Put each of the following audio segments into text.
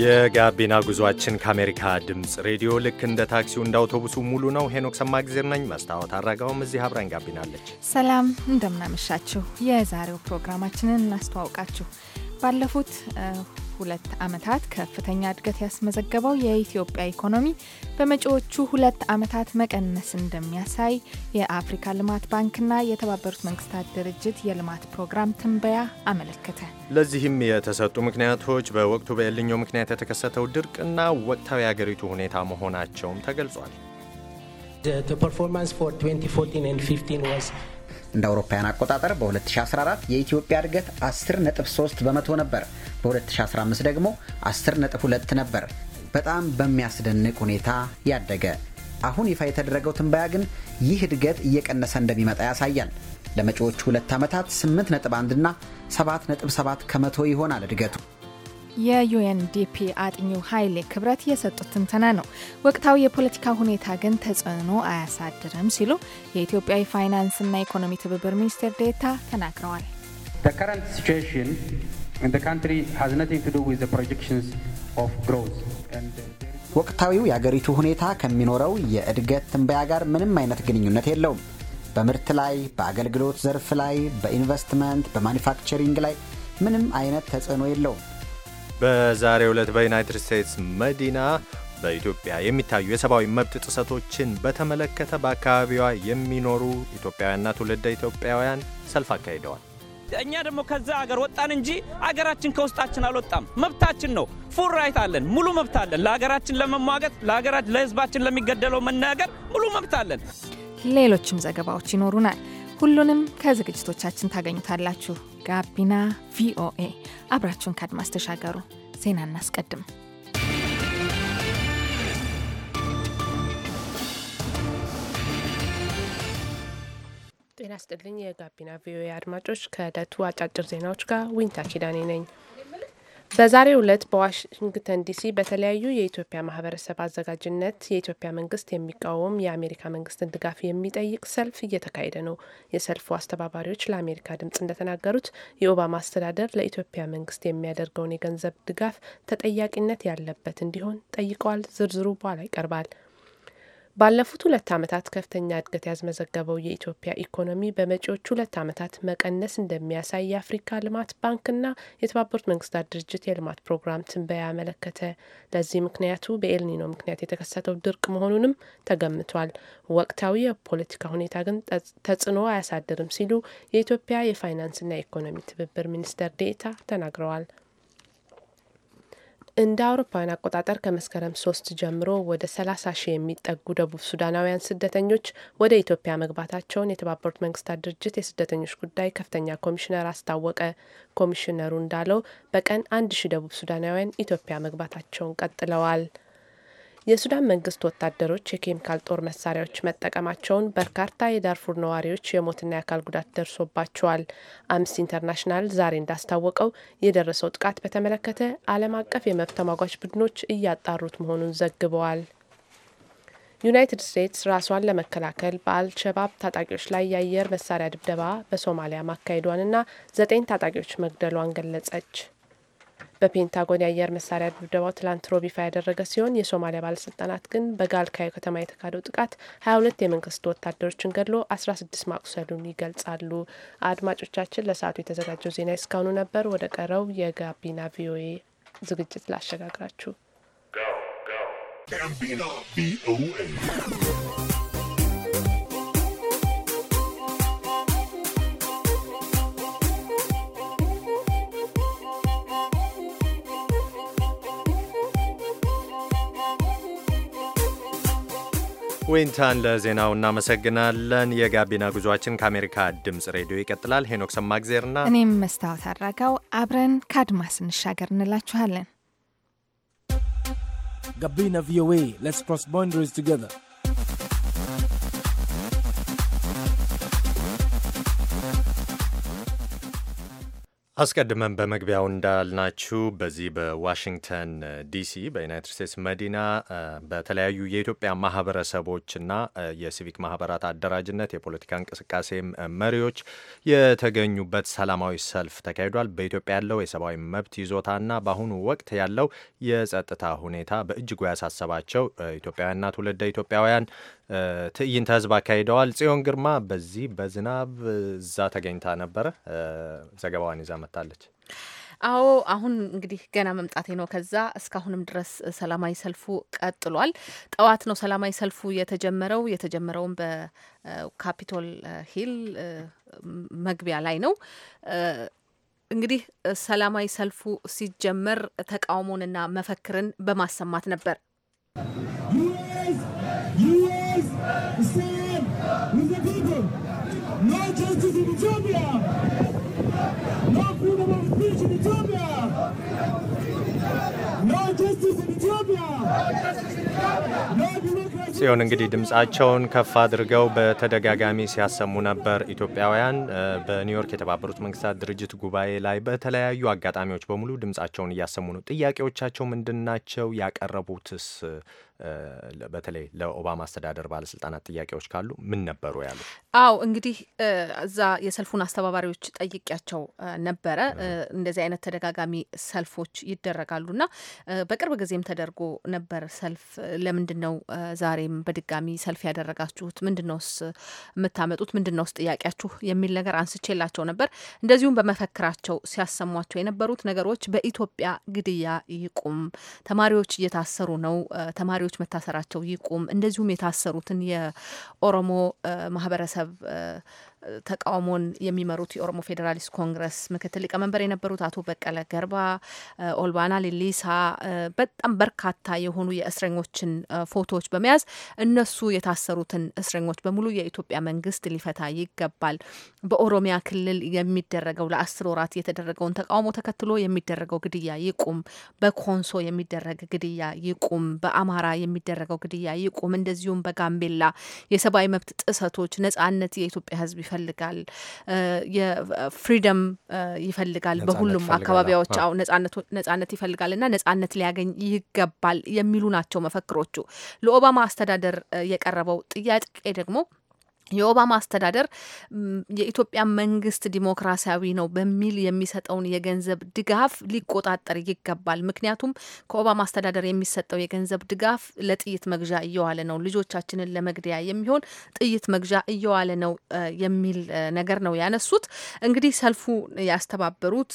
የጋቢና ጉዟችን ከአሜሪካ ድምፅ ሬዲዮ ልክ እንደ ታክሲው እንደ አውቶቡሱ ሙሉ ነው። ሄኖክ ሰማእግዜር ነኝ። መስታወት አድራጋውም እዚህ አብራኝ ጋቢናለች። ሰላም እንደምናመሻችሁ። የዛሬው ፕሮግራማችንን እናስተዋውቃችሁ። ባለፉት ሁለት ዓመታት ከፍተኛ እድገት ያስመዘገበው የኢትዮጵያ ኢኮኖሚ በመጪዎቹ ሁለት ዓመታት መቀነስ እንደሚያሳይ የአፍሪካ ልማት ባንክና የተባበሩት መንግስታት ድርጅት የልማት ፕሮግራም ትንበያ አመለከተ። ለዚህም የተሰጡ ምክንያቶች በወቅቱ በኤልኞ ምክንያት የተከሰተው ድርቅና ወቅታዊ የአገሪቱ ሁኔታ መሆናቸውም ተገልጿል። እንደ አውሮፓውያን አቆጣጠር በ2014 የኢትዮጵያ እድገት 10.3 በመቶ ነበር። በ2015 ደግሞ 10.2 ነበር። በጣም በሚያስደንቅ ሁኔታ ያደገ። አሁን ይፋ የተደረገው ትንበያ ግን ይህ እድገት እየቀነሰ እንደሚመጣ ያሳያል። ለመጪዎቹ ሁለት ዓመታት 8.1ና 7.7 ከመቶ ይሆናል እድገቱ። የዩኤንዲፒ አጥኚው ኃይሌ ክብረት የሰጡት ትንተና ነው። ወቅታዊ የፖለቲካ ሁኔታ ግን ተጽዕኖ አያሳድርም ሲሉ የኢትዮጵያ ፋይናንስና ኢኮኖሚ ትብብር ሚኒስቴር ዴታ ተናግረዋል። ወቅታዊው የአገሪቱ ሁኔታ ከሚኖረው የእድገት ትንበያ ጋር ምንም አይነት ግንኙነት የለውም። በምርት ላይ፣ በአገልግሎት ዘርፍ ላይ፣ በኢንቨስትመንት፣ በማኒፋክቸሪንግ ላይ ምንም አይነት ተጽዕኖ የለውም። በዛሬው ዕለት በዩናይትድ ስቴትስ መዲና በኢትዮጵያ የሚታዩ የሰብአዊ መብት ጥሰቶችን በተመለከተ በአካባቢዋ የሚኖሩ ኢትዮጵያውያንና ትውልደ ኢትዮጵያውያን ሰልፍ አካሂደዋል። እኛ ደግሞ ከዛ አገር ወጣን እንጂ አገራችን ከውስጣችን አልወጣም። መብታችን ነው። ፉል ራይት አለን። ሙሉ መብት አለን። ለሀገራችን ለመሟገት ለህዝባችን ለሚገደለው መናገር ሙሉ መብት አለን። ሌሎችም ዘገባዎች ይኖሩናል። ሁሉንም ከዝግጅቶቻችን ታገኙታላችሁ። ጋቢና ቪኦኤ አብራችሁን ከአድማስ ተሻገሩ። ዜና እናስቀድም። ጤና ስጥልኝ የጋቢና ቪኦኤ አድማጮች፣ ከዕለቱ አጫጭር ዜናዎች ጋር ዊንታ ኪዳኔ ነኝ። በዛሬው ዕለት በዋሽንግተን ዲሲ በተለያዩ የኢትዮጵያ ማህበረሰብ አዘጋጅነት የኢትዮጵያ መንግስት የሚቃወም የአሜሪካ መንግስትን ድጋፍ የሚጠይቅ ሰልፍ እየተካሄደ ነው። የሰልፉ አስተባባሪዎች ለአሜሪካ ድምጽ እንደተናገሩት የኦባማ አስተዳደር ለኢትዮጵያ መንግስት የሚያደርገውን የገንዘብ ድጋፍ ተጠያቂነት ያለበት እንዲሆን ጠይቀዋል። ዝርዝሩ በኋላ ይቀርባል። ባለፉት ሁለት ዓመታት ከፍተኛ እድገት ያስመዘገበው የኢትዮጵያ ኢኮኖሚ በመጪዎች ሁለት ዓመታት መቀነስ እንደሚያሳይ የአፍሪካ ልማት ባንክና የተባበሩት መንግስታት ድርጅት የልማት ፕሮግራም ትንበያ ያመለከተ። ለዚህ ምክንያቱ በኤልኒኖ ምክንያት የተከሰተው ድርቅ መሆኑንም ተገምቷል። ወቅታዊ የፖለቲካ ሁኔታ ግን ተጽዕኖ አያሳድርም ሲሉ የኢትዮጵያ የፋይናንስና የኢኮኖሚ ትብብር ሚኒስትር ዴኤታ ተናግረዋል። እንደ አውሮፓውያን አቆጣጠር ከመስከረም ሶስት ጀምሮ ወደ ሰላሳ ሺህ የሚጠጉ ደቡብ ሱዳናውያን ስደተኞች ወደ ኢትዮጵያ መግባታቸውን የተባበሩት መንግስታት ድርጅት የስደተኞች ጉዳይ ከፍተኛ ኮሚሽነር አስታወቀ። ኮሚሽነሩ እንዳለው በቀን አንድ ሺህ ደቡብ ሱዳናውያን ኢትዮጵያ መግባታቸውን ቀጥለዋል። የሱዳን መንግስት ወታደሮች የኬሚካል ጦር መሳሪያዎች መጠቀማቸውን በርካታ የዳርፉር ነዋሪዎች የሞትና የአካል ጉዳት ደርሶባቸዋል። አምስት ኢንተርናሽናል ዛሬ እንዳስታወቀው የደረሰው ጥቃት በተመለከተ ዓለም አቀፍ የመብት ተሟጋች ቡድኖች እያጣሩት መሆኑን ዘግበዋል። ዩናይትድ ስቴትስ ራሷን ለመከላከል በአልሸባብ ታጣቂዎች ላይ የአየር መሳሪያ ድብደባ በሶማሊያ ማካሄዷንና ዘጠኝ ታጣቂዎች መግደሏን ገለጸች። በፔንታጎን የአየር መሳሪያ ድብደባው ትላንት ሮቢፋ ያደረገ ሲሆን የሶማሊያ ባለስልጣናት ግን በጋልካዮ ከተማ የተካሄደው ጥቃት ሀያ ሁለት የመንግስት ወታደሮችን ገድሎ አስራ ስድስት ማቁሰሉን ይገልጻሉ። አድማጮቻችን ለሰዓቱ የተዘጋጀው ዜና እስካሁኑ ነበር። ወደ ቀረው የጋቢና ቪኦኤ ዝግጅት ላሸጋግራችሁ። ዊንታን ለዜናው እናመሰግናለን። የጋቢና ጉዟችን ከአሜሪካ ድምፅ ሬዲዮ ይቀጥላል። ሄኖክ ሰማግዜርና እኔም መስታወት አድራጋው አብረን ከአድማስ እንሻገር እንላችኋለን። ጋቢና ቪኦኤ ሌትስ ክሮስ ባውንደሪስ ቱጌዘር አስቀድመን በመግቢያው እንዳልናችሁ በዚህ በዋሽንግተን ዲሲ በዩናይትድ ስቴትስ መዲና በተለያዩ የኢትዮጵያ ማህበረሰቦችና የሲቪክ ማህበራት አደራጅነት የፖለቲካ እንቅስቃሴ መሪዎች የተገኙበት ሰላማዊ ሰልፍ ተካሂዷል። በኢትዮጵያ ያለው የሰብአዊ መብት ይዞታና በአሁኑ ወቅት ያለው የጸጥታ ሁኔታ በእጅጉ ያሳሰባቸው ኢትዮጵያውያንና ትውልደ ኢትዮጵያውያን ትዕይንተ ህዝብ አካሂደዋል። ጽዮን ግርማ በዚህ በዝናብ እዛ ተገኝታ ነበረ። ዘገባዋን ይዛ መጥታለች። አዎ አሁን እንግዲህ ገና መምጣቴ ነው። ከዛ እስካሁንም ድረስ ሰላማዊ ሰልፉ ቀጥሏል። ጠዋት ነው ሰላማዊ ሰልፉ የተጀመረው። የተጀመረውም በካፒቶል ሂል መግቢያ ላይ ነው። እንግዲህ ሰላማዊ ሰልፉ ሲጀመር ተቃውሞንና መፈክርን በማሰማት ነበር። ዩኤስ No freedom of speech in Ethiopia. No justice in Ethiopia. ሲሆን እንግዲህ ድምፃቸውን ከፍ አድርገው በተደጋጋሚ ሲያሰሙ ነበር። ኢትዮጵያውያን በኒውዮርክ የተባበሩት መንግስታት ድርጅት ጉባኤ ላይ በተለያዩ አጋጣሚዎች በሙሉ ድምፃቸውን እያሰሙ ነው። ጥያቄዎቻቸው ምንድን ናቸው? ያቀረቡትስ በተለይ ለኦባማ አስተዳደር ባለስልጣናት ጥያቄዎች ካሉ ምን ነበሩ ያሉ? አው እንግዲህ እዛ የሰልፉን አስተባባሪዎች ጠይቂያቸው ነበረ። እንደዚህ አይነት ተደጋጋሚ ሰልፎች ይደረጋሉና በቅርብ ጊዜም ተደርጎ ነበር ሰልፍ። ለምንድን ነው ዛሬም በድጋሚ ሰልፍ ያደረጋችሁት? ምንድን ነውስ የምታመጡት? ምንድን ነውስ ጥያቄያችሁ? የሚል ነገር አንስቼላቸው ነበር። እንደዚሁም በመፈክራቸው ሲያሰሟቸው የነበሩት ነገሮች በኢትዮጵያ ግድያ ይቁም፣ ተማሪዎች እየታሰሩ ነው፣ ተማሪዎች ታሳሪዎች መታሰራቸው ይቁም፣ እንደዚሁም የታሰሩትን የኦሮሞ ማህበረሰብ ተቃውሞን የሚመሩት የኦሮሞ ፌዴራሊስት ኮንግረስ ምክትል ሊቀመንበር የነበሩት አቶ በቀለ ገርባ፣ ኦልባና ሊሊሳ በጣም በርካታ የሆኑ የእስረኞችን ፎቶዎች በመያዝ እነሱ የታሰሩትን እስረኞች በሙሉ የኢትዮጵያ መንግስት ሊፈታ ይገባል። በኦሮሚያ ክልል የሚደረገው ለአስር ወራት የተደረገውን ተቃውሞ ተከትሎ የሚደረገው ግድያ ይቁም፣ በኮንሶ የሚደረግ ግድያ ይቁም፣ በአማራ የሚደረገው ግድያ ይቁም፣ እንደዚሁም በጋምቤላ የሰብአዊ መብት ጥሰቶች ነጻነት የኢትዮጵያ ህዝብ። ይፈልጋል፣ የፍሪደም ይፈልጋል፣ በሁሉም አካባቢዎች አዎ ነጻነት ይፈልጋል እና ነጻነት ሊያገኝ ይገባል የሚሉ ናቸው መፈክሮቹ። ለኦባማ አስተዳደር የቀረበው ጥያቄ ደግሞ የኦባማ አስተዳደር የኢትዮጵያ መንግስት ዲሞክራሲያዊ ነው በሚል የሚሰጠውን የገንዘብ ድጋፍ ሊቆጣጠር ይገባል። ምክንያቱም ከኦባማ አስተዳደር የሚሰጠው የገንዘብ ድጋፍ ለጥይት መግዣ እየዋለ ነው፣ ልጆቻችንን ለመግደያ የሚሆን ጥይት መግዣ እየዋለ ነው የሚል ነገር ነው ያነሱት። እንግዲህ ሰልፉ ያስተባበሩት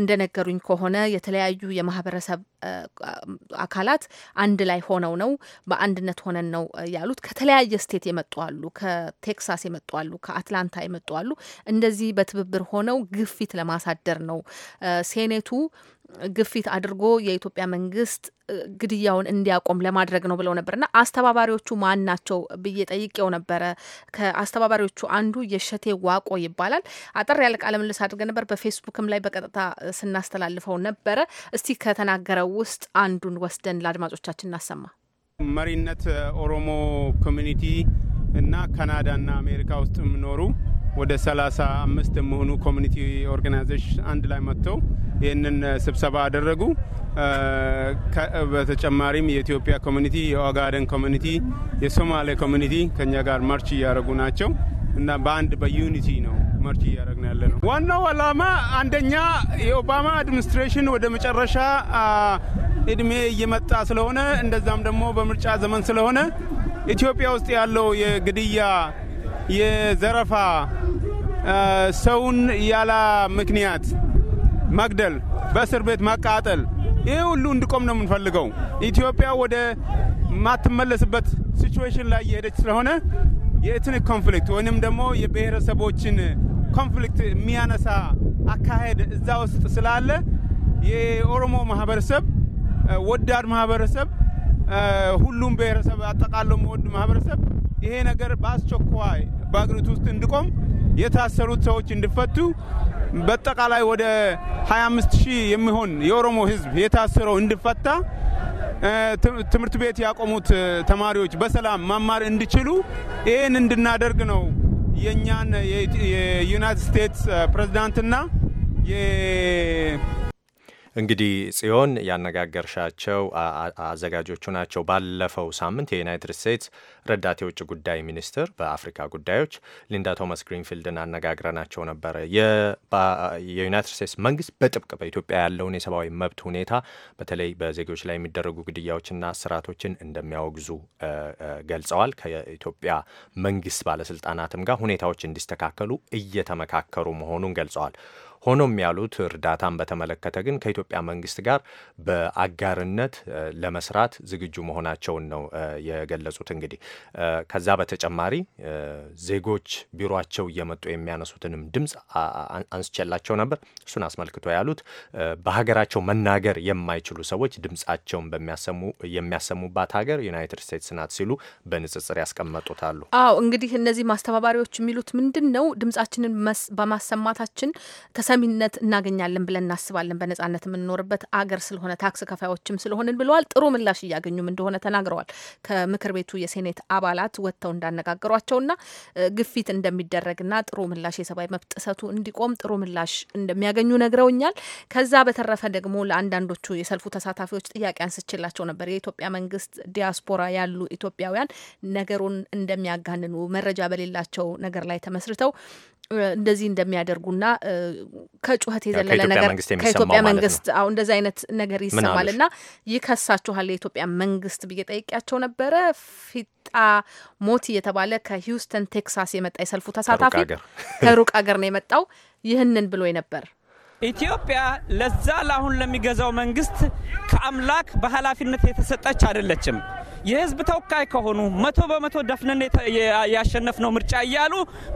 እንደነገሩኝ ከሆነ የተለያዩ የማህበረሰብ አካላት አንድ ላይ ሆነው ነው በአንድነት ሆነን ነው ያሉት። ከተለያየ ስቴት የመጡ አሉ፣ ከቴክሳስ የመጡ አሉ፣ ከአትላንታ የመጡ አሉ። እንደዚህ በትብብር ሆነው ግፊት ለማሳደር ነው ሴኔቱ ግፊት አድርጎ የኢትዮጵያ መንግስት ግድያውን እንዲያቆም ለማድረግ ነው ብለው ነበር እና አስተባባሪዎቹ ማን ናቸው ብዬ ጠይቄው ነበረ። ከአስተባባሪዎቹ አንዱ የሸቴ ዋቆ ይባላል። አጠር ያለ ቃለ ምልልስ አድርገ ነበር። በፌስቡክም ላይ በቀጥታ ስናስተላልፈው ነበረ። እስቲ ከተናገረው ውስጥ አንዱን ወስደን ለአድማጮቻችን እናሰማ። መሪነት ኦሮሞ ኮሚኒቲ እና ካናዳና አሜሪካ ውስጥ የሚኖሩ ወደ 35 የሚሆኑ ኮሚኒቲ ኦርጋናይዜሽን አንድ ላይ መጥተው ይህንን ስብሰባ አደረጉ። በተጨማሪም የኢትዮጵያ ኮሚኒቲ፣ የኦጋደን ኮሚኒቲ፣ የሶማሌ ኮሚኒቲ ከኛ ጋር መርች እያደረጉ ናቸው እና በአንድ በዩኒቲ ነው መርች እያደረግን ያለ ነው። ዋናው ዓላማ አንደኛ የኦባማ አድሚኒስትሬሽን ወደ መጨረሻ እድሜ እየመጣ ስለሆነ እንደዛም ደግሞ በምርጫ ዘመን ስለሆነ ኢትዮጵያ ውስጥ ያለው የግድያ፣ የዘረፋ፣ ሰውን ያላ ምክንያት መግደል፣ በእስር ቤት መቃጠል ይህ ሁሉ እንዲቆም ነው የምንፈልገው። ኢትዮጵያ ወደ ማትመለስበት ሲቹዌሽን ላይ እየሄደች ስለሆነ የኤትኒክ ኮንፍሊክት ወይንም ደግሞ የብሔረሰቦችን ኮንፍሊክት የሚያነሳ አካሄድ እዛ ውስጥ ስላለ የኦሮሞ ማህበረሰብ ወዳድ ማህበረሰብ ሁሉም ብሔረሰብ አጠቃሎ መወድ ማህበረሰብ ይሄ ነገር በአስቸኳይ በአገሪቱ ውስጥ እንዲቆም የታሰሩት ሰዎች እንዲፈቱ በአጠቃላይ ወደ 25 ሺህ የሚሆን የኦሮሞ ህዝብ የታሰረው እንዲፈታ ትምህርት ቤት ያቆሙት ተማሪዎች በሰላም መማር እንዲችሉ ይህን እንድናደርግ ነው የእኛን የዩናይትድ ስቴትስ ፕሬዝዳንትና እንግዲህ ጽዮን ያነጋገርሻቸው አዘጋጆቹ ናቸው። ባለፈው ሳምንት የዩናይትድ ስቴትስ ረዳት የውጭ ጉዳይ ሚኒስትር በአፍሪካ ጉዳዮች ሊንዳ ቶማስ ግሪንፊልድን አነጋግረናቸው ነበረ። የዩናይትድ ስቴትስ መንግስት በጥብቅ በኢትዮጵያ ያለውን የሰብአዊ መብት ሁኔታ በተለይ በዜጎች ላይ የሚደረጉ ግድያዎችና ስርዓቶችን እንደሚያወግዙ ገልጸዋል። ከኢትዮጵያ መንግስት ባለስልጣናትም ጋር ሁኔታዎች እንዲስተካከሉ እየተመካከሩ መሆኑን ገልጸዋል። ሆኖም ያሉት እርዳታን በተመለከተ ግን ከኢትዮጵያ መንግስት ጋር በአጋርነት ለመስራት ዝግጁ መሆናቸውን ነው የገለጹት። እንግዲህ ከዛ በተጨማሪ ዜጎች ቢሮቸው እየመጡ የሚያነሱትንም ድምፅ አንስቼላቸው ነበር። እሱን አስመልክቶ ያሉት በሀገራቸው መናገር የማይችሉ ሰዎች ድምፃቸውን የሚያሰሙባት ሀገር ዩናይትድ ስቴትስ ናት ሲሉ በንጽጽር ያስቀመጡታሉ። አዎ እንግዲህ እነዚህ ማስተባባሪዎች የሚሉት ምንድን ነው ድምጻችንን በማሰማታችን ሰሚነት እናገኛለን ብለን እናስባለን። በነጻነት የምንኖርበት አገር ስለሆነ ታክስ ከፋዮችም ስለሆንን ብለዋል። ጥሩ ምላሽ እያገኙም እንደሆነ ተናግረዋል። ከምክር ቤቱ የሴኔት አባላት ወጥተው እንዳነጋገሯቸውና ግፊት እንደሚደረግና ጥሩ ምላሽ የሰብአዊ መብት ጥሰቱ እንዲቆም ጥሩ ምላሽ እንደሚያገኙ ነግረውኛል። ከዛ በተረፈ ደግሞ ለአንዳንዶቹ የሰልፉ ተሳታፊዎች ጥያቄ አንስችላቸው ነበር። የኢትዮጵያ መንግስት ዲያስፖራ ያሉ ኢትዮጵያውያን ነገሩን እንደሚያጋንኑ መረጃ በሌላቸው ነገር ላይ ተመስርተው እንደዚህ እንደሚያደርጉና ከጩኸት የዘለለ ነገር ከኢትዮጵያ መንግስት አሁ እንደዚህ አይነት ነገር ይሰማል ና ይከሳችኋል የኢትዮጵያ መንግስት ብዬ ጠይቄያቸው ነበረ። ፊጣ ሞቲ የተባለ ከሂውስተን ቴክሳስ የመጣ የሰልፉ ተሳታፊ ከሩቅ ሀገር ነው የመጣው። ይህንን ብሎ ነበር ኢትዮጵያ ለዛ ለአሁን ለሚገዛው መንግስት ከአምላክ በኃላፊነት የተሰጠች አይደለችም። የህዝብ ተወካይ ከሆኑ መቶ በመቶ ደፍነን ያሸነፍነው ምርጫ እያሉ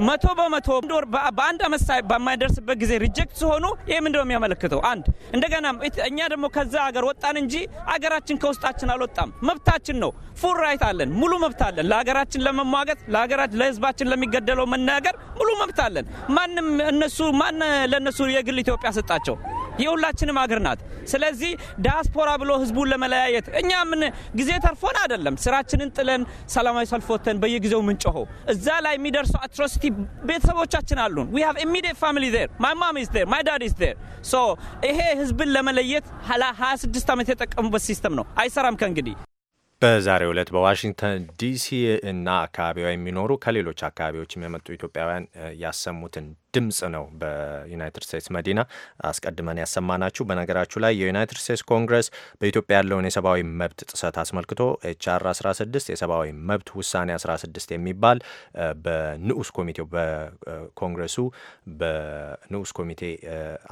መቶ በመቶ ዶር በአንድ አመት በማይደርስበት ጊዜ ሪጀክት ሲሆኑ ይህ ምንድ ነው የሚያመለክተው? አንድ እንደገና እኛ ደግሞ ከዛ ሀገር ወጣን እንጂ አገራችን ከውስጣችን አልወጣም። መብታችን ነው። ፉል ራይት አለን፣ ሙሉ መብት አለን። ለሀገራችን ለመሟገት ለሀገራችን ለህዝባችን ለሚገደለው መናገር ሙሉ መብት አለን። ማንም እነሱ ማን ለእነሱ የግል ኢትዮጵያ ሰጣቸው? የሁላችንም አገር ናት። ስለዚህ ዲያስፖራ ብሎ ህዝቡን ለመለያየት እኛ ምን ጊዜ ተርፎን አይደለም ስራችንን ጥለን ሰላማዊ ሰልፎተን በየጊዜው ምንጮሆ እዛ ላይ የሚደርሱ አትሮሲቲ ቤተሰቦቻችን አሉን። ዊ ሃቭ ኢሚዲየት ፋሚሊ ዜር ማይ ማም ኢዝ ዜር ማይ ዳድ ኢዝ ዜር ሶ ይሄ ህዝብን ለመለየት ሀላ 26 ዓመት የጠቀሙበት ሲስተም ነው። አይሰራም ከእንግዲህ። በዛሬ ዕለት በዋሽንግተን ዲሲ እና አካባቢዋ የሚኖሩ ከሌሎች አካባቢዎችም የመጡ ኢትዮጵያውያን ያሰሙትን ድምፅ ነው በዩናይትድ ስቴትስ መዲና አስቀድመን ያሰማናችሁ። በነገራችሁ ላይ የዩናይትድ ስቴትስ ኮንግረስ በኢትዮጵያ ያለውን የሰብአዊ መብት ጥሰት አስመልክቶ ኤችአር 16 የሰብአዊ መብት ውሳኔ 16 የሚባል በንዑስ ኮሚቴው በኮንግረሱ በንዑስ ኮሚቴ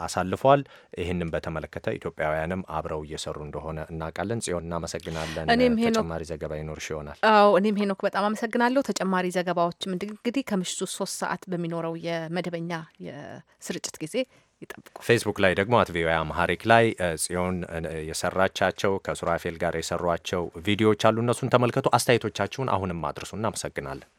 አሳልፏል። ይህንም በተመለከተ ኢትዮጵያውያንም አብረው እየሰሩ እንደሆነ እናውቃለን። ጽዮን እናመሰግናለን። ተጨማሪ ዘገባ ይኖር ይሆናል። አዎ እኔም ሄኖክ በጣም አመሰግናለሁ። ተጨማሪ ዘገባዎችም እንግዲህ ከምሽቱ ሶስት ሰዓት በሚኖረው የመደበኛ የእኛ የስርጭት ጊዜ ይጠብቁ። ፌስቡክ ላይ ደግሞ አት ቪኦኤ አምሃሪክ ላይ ጽዮን የሰራቻቸው ከሱራፌል ጋር የሰሯቸው ቪዲዮዎች አሉ። እነሱን ተመልከቱ። አስተያየቶቻችሁን አሁንም አድርሱ። እናመሰግናለን።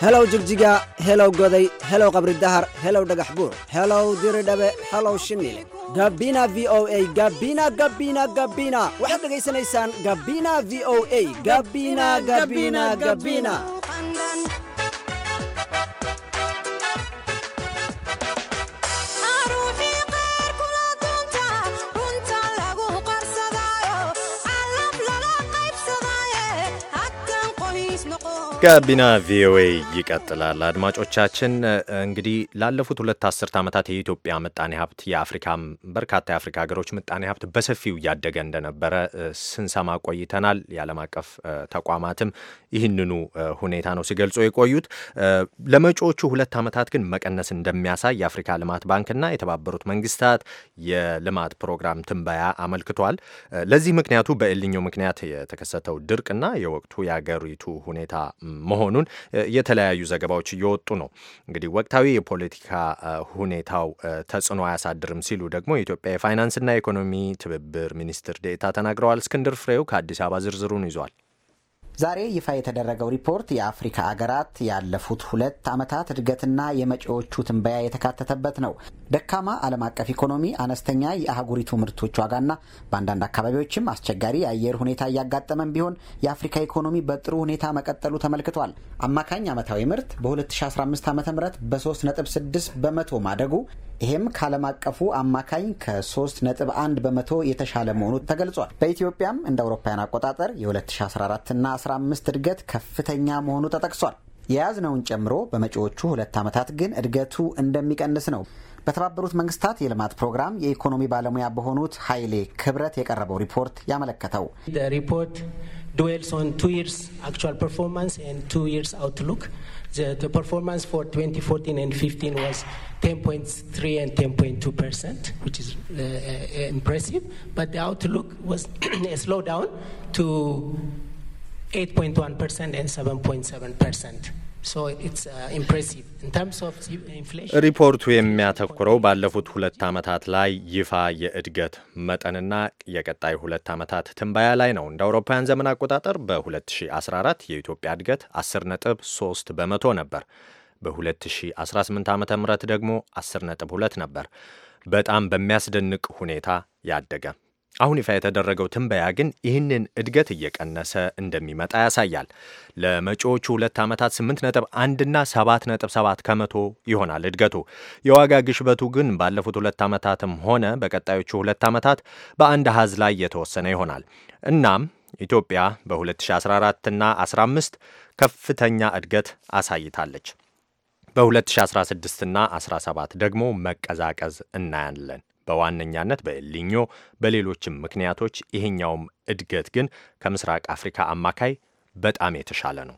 helow jigjiga helow goday helow qabri dahar helow dhagax buur helow diridhabe helow shimile gabina v o a gabina gabina gabina waxaad dhegaysanaysaan gabina v o a gabina gabina gabina ጋቢና ቪኦኤ ይቀጥላል። አድማጮቻችን እንግዲህ ላለፉት ሁለት አስርት ዓመታት የኢትዮጵያ ምጣኔ ሀብት የአፍሪካ በርካታ የአፍሪካ ሀገሮች ምጣኔ ሀብት በሰፊው እያደገ እንደነበረ ስንሰማ ቆይተናል። የዓለም አቀፍ ተቋማትም ይህንኑ ሁኔታ ነው ሲገልጹ የቆዩት። ለመጪዎቹ ሁለት ዓመታት ግን መቀነስ እንደሚያሳይ የአፍሪካ ልማት ባንክና የተባበሩት መንግስታት የልማት ፕሮግራም ትንበያ አመልክቷል። ለዚህ ምክንያቱ በኤልኒኞ ምክንያት የተከሰተው ድርቅና የወቅቱ የአገሪቱ ሁኔታ መሆኑን የተለያዩ ዘገባዎች እየወጡ ነው። እንግዲህ ወቅታዊ የፖለቲካ ሁኔታው ተጽዕኖ አያሳድርም ሲሉ ደግሞ የኢትዮጵያ የፋይናንስና የኢኮኖሚ ትብብር ሚኒስትር ዴኤታ ተናግረዋል። እስክንድር ፍሬው ከአዲስ አበባ ዝርዝሩን ይዟል። ዛሬ ይፋ የተደረገው ሪፖርት የአፍሪካ አገራት ያለፉት ሁለት ዓመታት እድገትና የመጪዎቹ ትንበያ የተካተተበት ነው። ደካማ ዓለም አቀፍ ኢኮኖሚ፣ አነስተኛ የአህጉሪቱ ምርቶች ዋጋና በአንዳንድ አካባቢዎችም አስቸጋሪ የአየር ሁኔታ እያጋጠመን ቢሆን የአፍሪካ ኢኮኖሚ በጥሩ ሁኔታ መቀጠሉ ተመልክቷል። አማካኝ ዓመታዊ ምርት በ2015 ዓ ም በ3.6 በመቶ ማደጉ ይህም ከዓለም አቀፉ አማካኝ ከ3.1 በመቶ የተሻለ መሆኑ ተገልጿል። በኢትዮጵያም እንደ አውሮፓውያን አቆጣጠር የ2014ና 15 እድገት ከፍተኛ መሆኑ ተጠቅሷል። የያዝነውን ጨምሮ በመጪዎቹ ሁለት ዓመታት ግን እድገቱ እንደሚቀንስ ነው በተባበሩት መንግስታት የልማት ፕሮግራም የኢኮኖሚ ባለሙያ በሆኑት ኃይሌ ክብረት የቀረበው ሪፖርት ያመለከተው ሪፖርት dwells on two years actual performance and two years outlook. The, the performance for 2014 and 15 was 10.3 and 10.2 percent, which is uh, uh, impressive. But the outlook was a slowdown to 8.1 percent and 7.7 percent. Uh, ሪፖርቱ የሚያተኩረው ባለፉት ሁለት ዓመታት ላይ ይፋ የእድገት መጠንና የቀጣይ ሁለት ዓመታት ትንባያ ላይ ነው። እንደ አውሮፓውያን ዘመን አቆጣጠር በ2014 የኢትዮጵያ እድገት 10.3 በመቶ ነበር። በ2018 ዓ ም ደግሞ 10.2 ነበር። በጣም በሚያስደንቅ ሁኔታ ያደገ አሁን ይፋ የተደረገው ትንበያ ግን ይህንን እድገት እየቀነሰ እንደሚመጣ ያሳያል። ለመጪዎቹ ሁለት ዓመታት 8.1 እና 7.7 ከመቶ ይሆናል እድገቱ። የዋጋ ግሽበቱ ግን ባለፉት ሁለት ዓመታትም ሆነ በቀጣዮቹ ሁለት ዓመታት በአንድ አሃዝ ላይ የተወሰነ ይሆናል። እናም ኢትዮጵያ በ2014 እና 15 ከፍተኛ እድገት አሳይታለች። በ2016 እና 17 ደግሞ መቀዛቀዝ እናያለን። በዋነኛነት በኤልኒኞ በሌሎችም ምክንያቶች ይሄኛውም እድገት ግን ከምስራቅ አፍሪካ አማካይ በጣም የተሻለ ነው።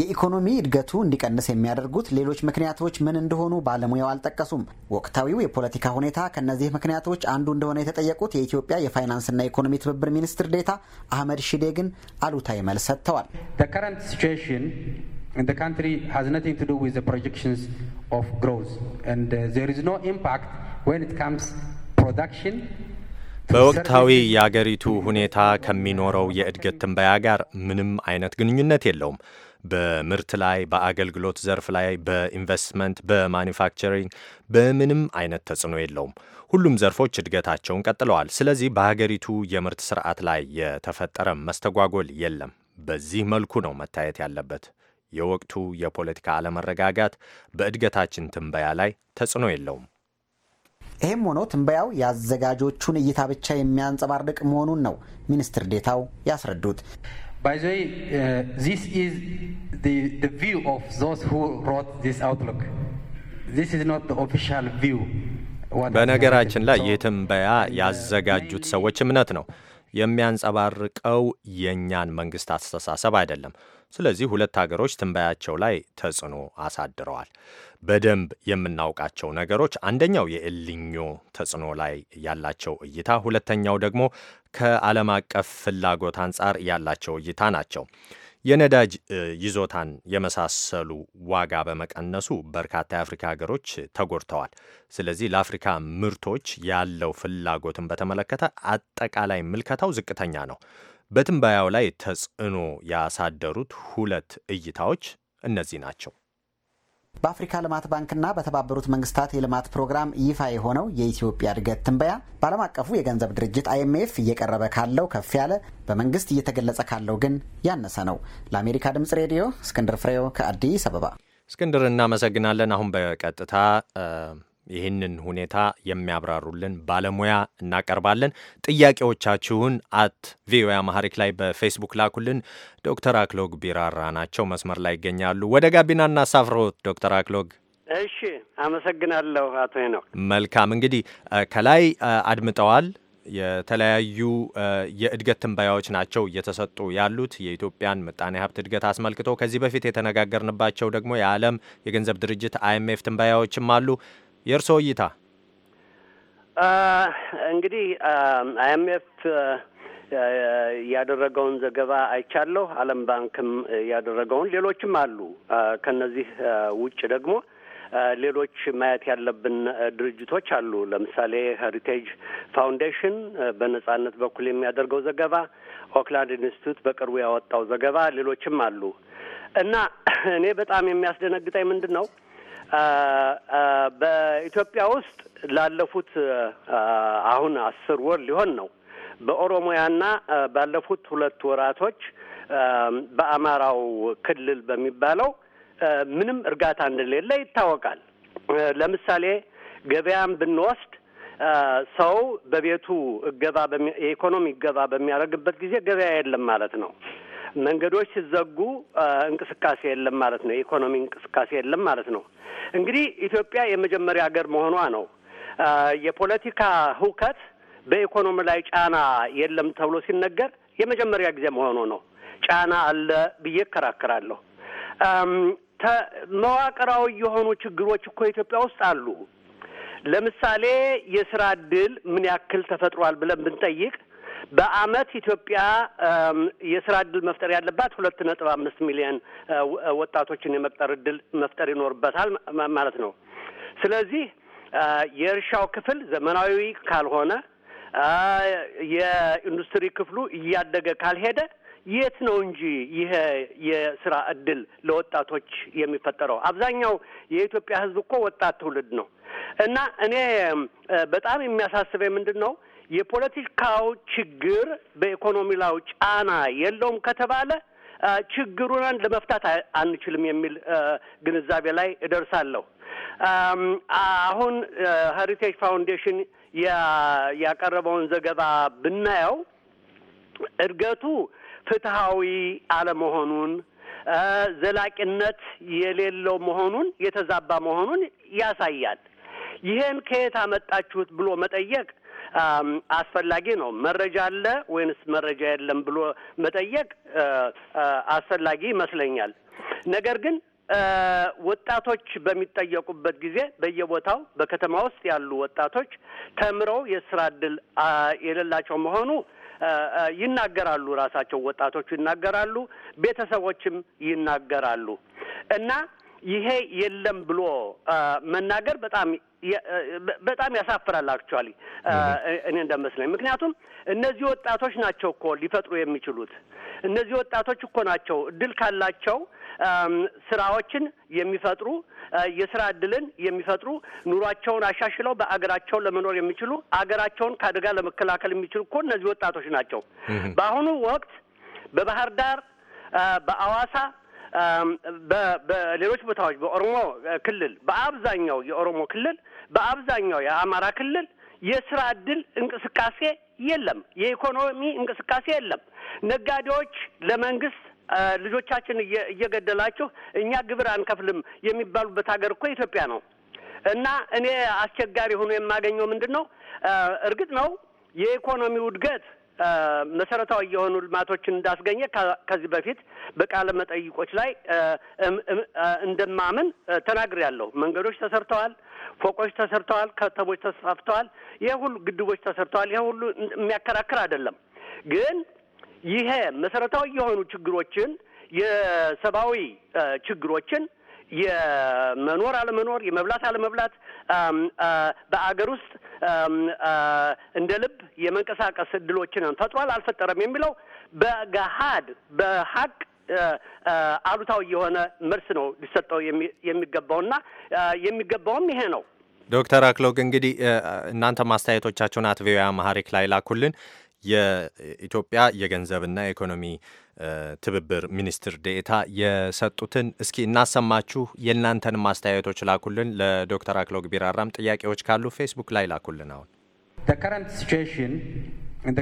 የኢኮኖሚ እድገቱ እንዲቀንስ የሚያደርጉት ሌሎች ምክንያቶች ምን እንደሆኑ ባለሙያው አልጠቀሱም። ወቅታዊው የፖለቲካ ሁኔታ ከእነዚህ ምክንያቶች አንዱ እንደሆነ የተጠየቁት የኢትዮጵያ የፋይናንስና ኢኮኖሚ ትብብር ሚኒስትር ዴታ አህመድ ሺዴ ግን አሉታዊ መልስ ሰጥተዋል። in the country has nothing to do with the projections of growth and uh, there is no impact when it comes በወቅታዊ የአገሪቱ ሁኔታ ከሚኖረው የእድገት ትንበያ ጋር ምንም አይነት ግንኙነት የለውም። በምርት ላይ፣ በአገልግሎት ዘርፍ ላይ፣ በኢንቨስትመንት፣ በማኒፋክቸሪንግ በምንም አይነት ተጽዕኖ የለውም። ሁሉም ዘርፎች እድገታቸውን ቀጥለዋል። ስለዚህ በሀገሪቱ የምርት ስርዓት ላይ የተፈጠረ መስተጓጎል የለም። በዚህ መልኩ ነው መታየት ያለበት። የወቅቱ የፖለቲካ አለመረጋጋት በእድገታችን ትንበያ ላይ ተጽዕኖ የለውም። ይህም ሆኖ ትንበያው የአዘጋጆቹን እይታ ብቻ የሚያንጸባርቅ መሆኑን ነው ሚኒስትር ዴታው ያስረዱት። ባይዘይ ዚስ ቪው ኦፍ ሁ ሮት ዚስ አውትሉክ ዚስ ኢዝ ኖት በነገራችን ላይ ይህ ትንበያ ያዘጋጁት ሰዎች እምነት ነው የሚያንጸባርቀው የእኛን መንግስት አስተሳሰብ አይደለም። ስለዚህ ሁለት ሀገሮች ትንበያቸው ላይ ተጽዕኖ አሳድረዋል። በደንብ የምናውቃቸው ነገሮች አንደኛው የኤልኒኞ ተጽዕኖ ላይ ያላቸው እይታ፣ ሁለተኛው ደግሞ ከዓለም አቀፍ ፍላጎት አንጻር ያላቸው እይታ ናቸው። የነዳጅ ይዞታን የመሳሰሉ ዋጋ በመቀነሱ በርካታ የአፍሪካ ሀገሮች ተጎድተዋል። ስለዚህ ለአፍሪካ ምርቶች ያለው ፍላጎትን በተመለከተ አጠቃላይ ምልከታው ዝቅተኛ ነው። በትንባያው ላይ ተጽዕኖ ያሳደሩት ሁለት እይታዎች እነዚህ ናቸው። በአፍሪካ ልማት ባንክና በተባበሩት መንግስታት የልማት ፕሮግራም ይፋ የሆነው የኢትዮጵያ እድገት ትንበያ በዓለም አቀፉ የገንዘብ ድርጅት አይኤምኤፍ እየቀረበ ካለው ከፍ ያለ በመንግስት እየተገለጸ ካለው ግን ያነሰ ነው። ለአሜሪካ ድምጽ ሬዲዮ እስክንድር ፍሬው ከአዲስ አበባ። እስክንድር እናመሰግናለን። አሁን በቀጥታ ይህንን ሁኔታ የሚያብራሩልን ባለሙያ እናቀርባለን። ጥያቄዎቻችሁን አት ቪኦኤ አማሐሪክ ላይ በፌስቡክ ላኩልን። ዶክተር አክሎግ ቢራራ ናቸው፣ መስመር ላይ ይገኛሉ። ወደ ጋቢና እናሳፍሮት። ዶክተር አክሎግ እሺ፣ አመሰግናለሁ አቶ ሄኖክ። መልካም እንግዲህ ከላይ አድምጠዋል። የተለያዩ የእድገት ትንበያዎች ናቸው እየተሰጡ ያሉት የኢትዮጵያን ምጣኔ ሀብት እድገት አስመልክቶ። ከዚህ በፊት የተነጋገርንባቸው ደግሞ የዓለም የገንዘብ ድርጅት አይኤምኤፍ ትንበያዎችም አሉ። የእርስዎ እይታ? እንግዲህ አይኤምኤፍ ያደረገውን ዘገባ አይቻለሁ። ዓለም ባንክም ያደረገውን ሌሎችም አሉ። ከነዚህ ውጭ ደግሞ ሌሎች ማየት ያለብን ድርጅቶች አሉ። ለምሳሌ ሄሪቴጅ ፋውንዴሽን በነጻነት በኩል የሚያደርገው ዘገባ፣ ኦክላንድ ኢንስቲትዩት በቅርቡ ያወጣው ዘገባ፣ ሌሎችም አሉ እና እኔ በጣም የሚያስደነግጠኝ ምንድን ነው በኢትዮጵያ ውስጥ ላለፉት አሁን አስር ወር ሊሆን ነው በኦሮሞያና ባለፉት ሁለት ወራቶች በአማራው ክልል በሚባለው ምንም እርጋታ እንደሌለ ይታወቃል። ለምሳሌ ገበያን ብንወስድ ሰው በቤቱ እገባ የኢኮኖሚ እገባ በሚያደርግበት ጊዜ ገበያ የለም ማለት ነው። መንገዶች ሲዘጉ እንቅስቃሴ የለም ማለት ነው። የኢኮኖሚ እንቅስቃሴ የለም ማለት ነው። እንግዲህ ኢትዮጵያ የመጀመሪያ ሀገር መሆኗ ነው። የፖለቲካ ህውከት በኢኮኖሚ ላይ ጫና የለም ተብሎ ሲነገር የመጀመሪያ ጊዜ መሆኑ ነው። ጫና አለ ብዬ እከራከራለሁ። መዋቅራዊ የሆኑ ችግሮች እኮ ኢትዮጵያ ውስጥ አሉ። ለምሳሌ የስራ እድል ምን ያክል ተፈጥሯል ብለን ብንጠይቅ በአመት ኢትዮጵያ የስራ እድል መፍጠር ያለባት ሁለት ነጥብ አምስት ሚሊዮን ወጣቶችን የመቅጠር እድል መፍጠር ይኖርበታል ማለት ነው። ስለዚህ የእርሻው ክፍል ዘመናዊ ካልሆነ የኢንዱስትሪ ክፍሉ እያደገ ካልሄደ የት ነው እንጂ ይሄ የስራ እድል ለወጣቶች የሚፈጠረው? አብዛኛው የኢትዮጵያ ሕዝብ እኮ ወጣት ትውልድ ነው እና እኔ በጣም የሚያሳስበኝ ምንድን ነው የፖለቲካው ችግር በኢኮኖሚ ላው ጫና የለውም ከተባለ ችግሩን ለመፍታት አንችልም የሚል ግንዛቤ ላይ እደርሳለሁ። አሁን ሄሪቴጅ ፋውንዴሽን ያቀረበውን ዘገባ ብናየው እድገቱ ፍትሐዊ አለመሆኑን፣ ዘላቂነት የሌለው መሆኑን፣ የተዛባ መሆኑን ያሳያል። ይህን ከየት አመጣችሁት ብሎ መጠየቅ አስፈላጊ ነው። መረጃ አለ ወይንስ መረጃ የለም ብሎ መጠየቅ አስፈላጊ ይመስለኛል። ነገር ግን ወጣቶች በሚጠየቁበት ጊዜ በየቦታው በከተማ ውስጥ ያሉ ወጣቶች ተምረው የስራ እድል የሌላቸው መሆኑ ይናገራሉ። ራሳቸው ወጣቶቹ ይናገራሉ፣ ቤተሰቦችም ይናገራሉ እና ይሄ የለም ብሎ መናገር በጣም በጣም ያሳፍራል። አክቹዋሊ እኔ እንደመስለኝ ምክንያቱም እነዚህ ወጣቶች ናቸው እኮ ሊፈጥሩ የሚችሉት እነዚህ ወጣቶች እኮ ናቸው እድል ካላቸው ስራዎችን የሚፈጥሩ የስራ እድልን የሚፈጥሩ ኑሯቸውን አሻሽለው በአገራቸው ለመኖር የሚችሉ አገራቸውን ከአደጋ ለመከላከል የሚችሉ እኮ እነዚህ ወጣቶች ናቸው። በአሁኑ ወቅት በባህር ዳር፣ በአዋሳ በሌሎች ቦታዎች በኦሮሞ ክልል በአብዛኛው የኦሮሞ ክልል በአብዛኛው የአማራ ክልል የስራ እድል እንቅስቃሴ የለም። የኢኮኖሚ እንቅስቃሴ የለም። ነጋዴዎች ለመንግስት ልጆቻችን እየገደላችሁ እኛ ግብር አንከፍልም የሚባሉበት ሀገር እኮ ኢትዮጵያ ነው። እና እኔ አስቸጋሪ ሆኖ የማገኘው ምንድን ነው? እርግጥ ነው የኢኮኖሚ ውድገት መሰረታዊ የሆኑ ልማቶችን እንዳስገኘ ከዚህ በፊት በቃለ መጠይቆች ላይ እንደማምን ተናግሬያለሁ። መንገዶች ተሰርተዋል፣ ፎቆች ተሰርተዋል፣ ከተሞች ተስፋፍተዋል፣ ይህ ሁሉ ግድቦች ተሰርተዋል። ይህ ሁሉ የሚያከራክር አይደለም። ግን ይሄ መሰረታዊ የሆኑ ችግሮችን የሰብአዊ ችግሮችን የመኖር አለመኖር፣ የመብላት አለመብላት፣ በአገር ውስጥ እንደ ልብ የመንቀሳቀስ እድሎችን ፈጥሯል አልፈጠረም የሚለው በገሀድ በሀቅ አሉታዊ የሆነ መልስ ነው ሊሰጠው የሚገባውና የሚገባውም ይሄ ነው። ዶክተር አክሎግ እንግዲህ እናንተ ማስተያየቶቻችሁን አትቪያ ማሀሪክ ላይ ላኩልን። የኢትዮጵያ የገንዘብና የኢኮኖሚ ትብብር ሚኒስትር ዴኤታ የሰጡትን እስኪ እናሰማችሁ። የእናንተን ማስተያየቶች ላኩልን። ለዶክተር አክሎግ ቢራራም ጥያቄዎች ካሉ ፌስቡክ ላይ ላኩልን። አሁን ከረንት ሲቹዌሽን uh,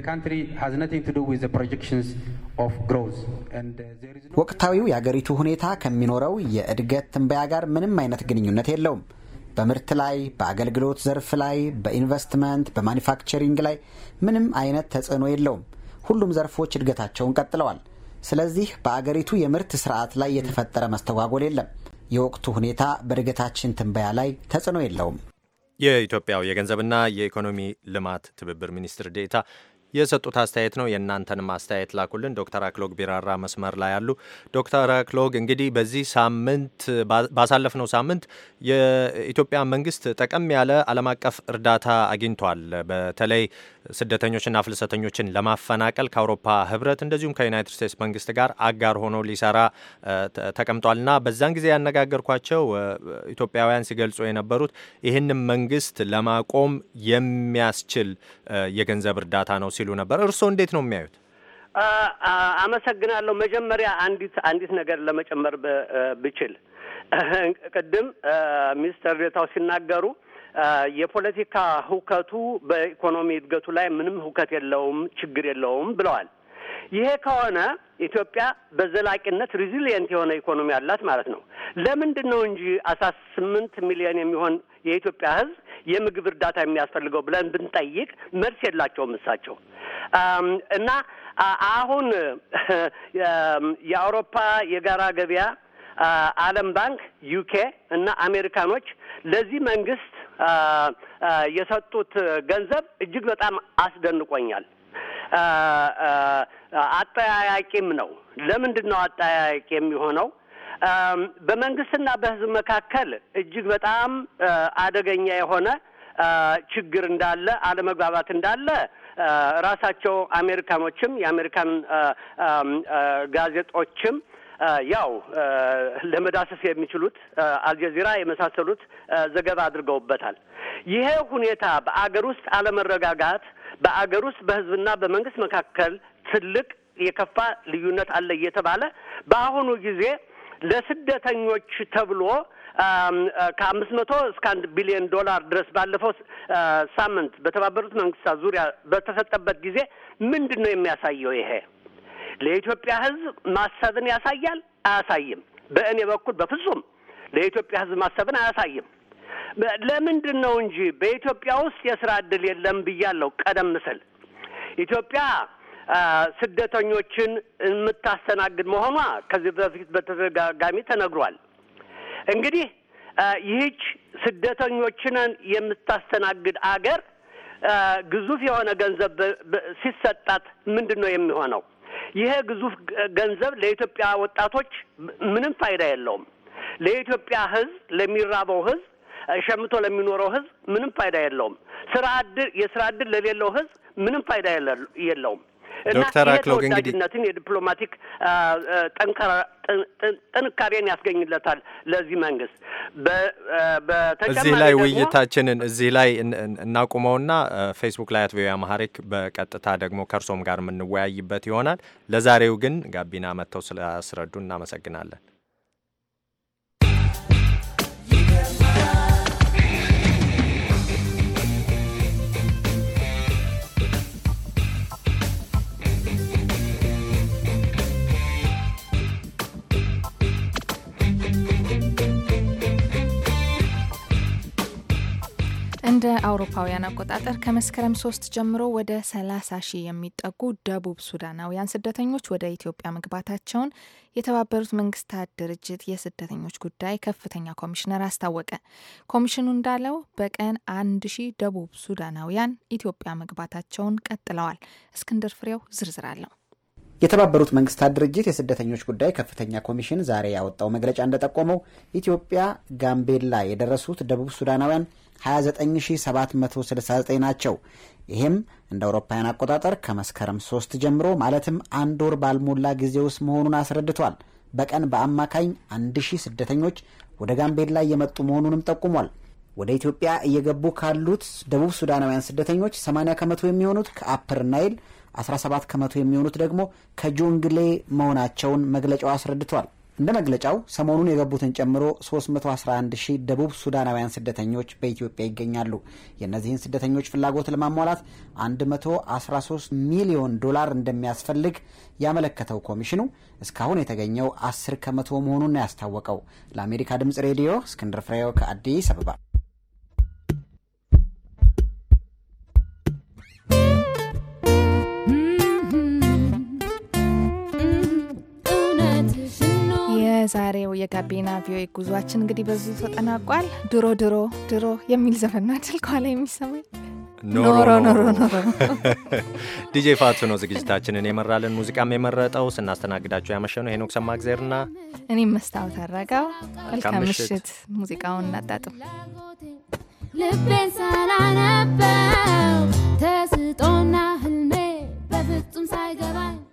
ወቅታዊው የአገሪቱ ሁኔታ ከሚኖረው የእድገት ትንበያ ጋር ምንም አይነት ግንኙነት የለውም። በምርት ላይ፣ በአገልግሎት ዘርፍ ላይ፣ በኢንቨስትመንት፣ በማኒፋክቸሪንግ ላይ ምንም አይነት ተጽዕኖ የለውም። ሁሉም ዘርፎች እድገታቸውን ቀጥለዋል። ስለዚህ በአገሪቱ የምርት ስርዓት ላይ የተፈጠረ መስተጓጎል የለም። የወቅቱ ሁኔታ በእድገታችን ትንበያ ላይ ተጽዕኖ የለውም። የኢትዮጵያው የገንዘብና የኢኮኖሚ ልማት ትብብር ሚኒስትር ዴታ የሰጡት አስተያየት ነው። የእናንተንም አስተያየት ላኩልን። ዶክተር አክሎግ ቢራራ መስመር ላይ አሉ። ዶክተር አክሎግ እንግዲህ በዚህ ሳምንት ባሳለፍነው ሳምንት የኢትዮጵያ መንግስት ጠቀም ያለ ዓለም አቀፍ እርዳታ አግኝቷል። በተለይ ስደተኞችና ፍልሰተኞችን ለማፈናቀል ከአውሮፓ ህብረት እንደዚሁም ከዩናይትድ ስቴትስ መንግስት ጋር አጋር ሆኖ ሊሰራ ተቀምጧልና በዛን ጊዜ ያነጋገርኳቸው ኢትዮጵያውያን ሲገልጹ የነበሩት ይህንም መንግስት ለማቆም የሚያስችል የገንዘብ እርዳታ ነው ሲሉ ሲሉ ነበር። እርስዎ እንዴት ነው የሚያዩት? አመሰግናለሁ። መጀመሪያ አንዲት አንዲት ነገር ለመጨመር ብችል ቅድም ሚኒስትር ዴኤታው ሲናገሩ የፖለቲካ ህውከቱ በኢኮኖሚ እድገቱ ላይ ምንም ህውከት የለውም፣ ችግር የለውም ብለዋል። ይሄ ከሆነ ኢትዮጵያ በዘላቂነት ሪዚሊየንት የሆነ ኢኮኖሚ አላት ማለት ነው። ለምንድን ነው እንጂ አስራ ስምንት ሚሊዮን የሚሆን የኢትዮጵያ ሕዝብ የምግብ እርዳታ የሚያስፈልገው ብለን ብንጠይቅ መልስ የላቸውም እሳቸው እና አሁን የአውሮፓ የጋራ ገበያ ዓለም ባንክ፣ ዩኬ እና አሜሪካኖች ለዚህ መንግስት የሰጡት ገንዘብ እጅግ በጣም አስደንቆኛል። አጠያያቂም ነው። ለምንድን ነው አጠያያቂ የሚሆነው? በመንግስትና በህዝብ መካከል እጅግ በጣም አደገኛ የሆነ ችግር እንዳለ አለመግባባት እንዳለ ራሳቸው አሜሪካኖችም የአሜሪካን ጋዜጦችም ያው ለመዳሰስ የሚችሉት አልጀዚራ የመሳሰሉት ዘገባ አድርገውበታል። ይሄ ሁኔታ በአገር ውስጥ አለመረጋጋት፣ በአገር ውስጥ በህዝብና በመንግስት መካከል ትልቅ የከፋ ልዩነት አለ እየተባለ በአሁኑ ጊዜ ለስደተኞች ተብሎ ከአምስት መቶ እስከ አንድ ቢሊዮን ዶላር ድረስ ባለፈው ሳምንት በተባበሩት መንግስታት ዙሪያ በተሰጠበት ጊዜ ምንድን ነው የሚያሳየው? ይሄ ለኢትዮጵያ ሕዝብ ማሰብን ያሳያል አያሳይም? በእኔ በኩል በፍጹም ለኢትዮጵያ ሕዝብ ማሰብን አያሳይም። ለምንድን ነው እንጂ በኢትዮጵያ ውስጥ የስራ ዕድል የለም ብያለሁ ቀደም ስል ኢትዮጵያ ስደተኞችን የምታስተናግድ መሆኗ ከዚህ በፊት በተደጋጋሚ ተነግሯል። እንግዲህ ይህች ስደተኞችን የምታስተናግድ አገር ግዙፍ የሆነ ገንዘብ ሲሰጣት ምንድን ነው የሚሆነው? ይሄ ግዙፍ ገንዘብ ለኢትዮጵያ ወጣቶች ምንም ፋይዳ የለውም። ለኢትዮጵያ ሕዝብ፣ ለሚራበው ሕዝብ፣ ሸምቶ ለሚኖረው ሕዝብ ምንም ፋይዳ የለውም። ስራ እድል የስራ እድል ለሌለው ሕዝብ ምንም ፋይዳ የለውም። ዶክተር አክሎግ እንግዲህ የዲፕሎማቲክ ጠንካራ ጥንካሬን ያስገኝለታል ለዚህ መንግስት። እዚህ ላይ ውይይታችንን እዚህ ላይ እናቁመውና ፌስቡክ ላይ አት ቪኦኤ አማሪክ በቀጥታ ደግሞ ከእርሶም ጋር የምንወያይበት ይሆናል። ለዛሬው ግን ጋቢና መጥተው ስላስረዱ እናመሰግናለን። እንደ አውሮፓውያን አቆጣጠር ከመስከረም ሶስት ጀምሮ ወደ 30 ሺህ የሚጠጉ ደቡብ ሱዳናውያን ስደተኞች ወደ ኢትዮጵያ መግባታቸውን የተባበሩት መንግስታት ድርጅት የስደተኞች ጉዳይ ከፍተኛ ኮሚሽነር አስታወቀ። ኮሚሽኑ እንዳለው በቀን አንድ ሺህ ደቡብ ሱዳናውያን ኢትዮጵያ መግባታቸውን ቀጥለዋል። እስክንድር ፍሬው ዝርዝር አለው። የተባበሩት መንግስታት ድርጅት የስደተኞች ጉዳይ ከፍተኛ ኮሚሽን ዛሬ ያወጣው መግለጫ እንደጠቆመው ኢትዮጵያ ጋምቤላ የደረሱት ደቡብ ሱዳናውያን 29769 ናቸው። ይህም እንደ አውሮፓውያን አቆጣጠር ከመስከረም 3 ጀምሮ ማለትም አንድ ወር ባልሞላ ጊዜ ውስጥ መሆኑን አስረድቷል። በቀን በአማካኝ 1000 ስደተኞች ወደ ጋምቤላ እየመጡ መሆኑንም ጠቁሟል። ወደ ኢትዮጵያ እየገቡ ካሉት ደቡብ ሱዳናውያን ስደተኞች 80 ከመቶ የሚሆኑት ከአፕር ናይል፣ 17 ከመቶ የሚሆኑት ደግሞ ከጆንግሌ መሆናቸውን መግለጫው አስረድቷል። እንደ መግለጫው ሰሞኑን የገቡትን ጨምሮ 311 ሺህ ደቡብ ሱዳናውያን ስደተኞች በኢትዮጵያ ይገኛሉ። የእነዚህን ስደተኞች ፍላጎት ለማሟላት 113 ሚሊዮን ዶላር እንደሚያስፈልግ ያመለከተው ኮሚሽኑ እስካሁን የተገኘው 10 ከመቶ መሆኑን ያስታወቀው። ለአሜሪካ ድምጽ ሬዲዮ እስክንድር ፍሬው ከአዲስ አበባ የዛሬው የጋቢና ቪኦኤ ጉዟችን እንግዲህ በዙ ተጠናቋል። ድሮ ድሮ ድሮ የሚል ዘፈን ነው አይደል? ከኋላ የሚሰማኝ ኖሮ ኖሮ ኖሮ። ዲጄ ፋቱ ነው ዝግጅታችንን የመራልን ሙዚቃም የመረጠው። ስናስተናግዳቸው ያመሸነው ሄኖክ ሰማ እግዜርና እኔም መስታወት አረጋው። መልካም ምሽት። ሙዚቃውን እናጣጥም። ልቤን ሳላነበው ተስጦና ህልሜ በፍጹም ሳይገባኝ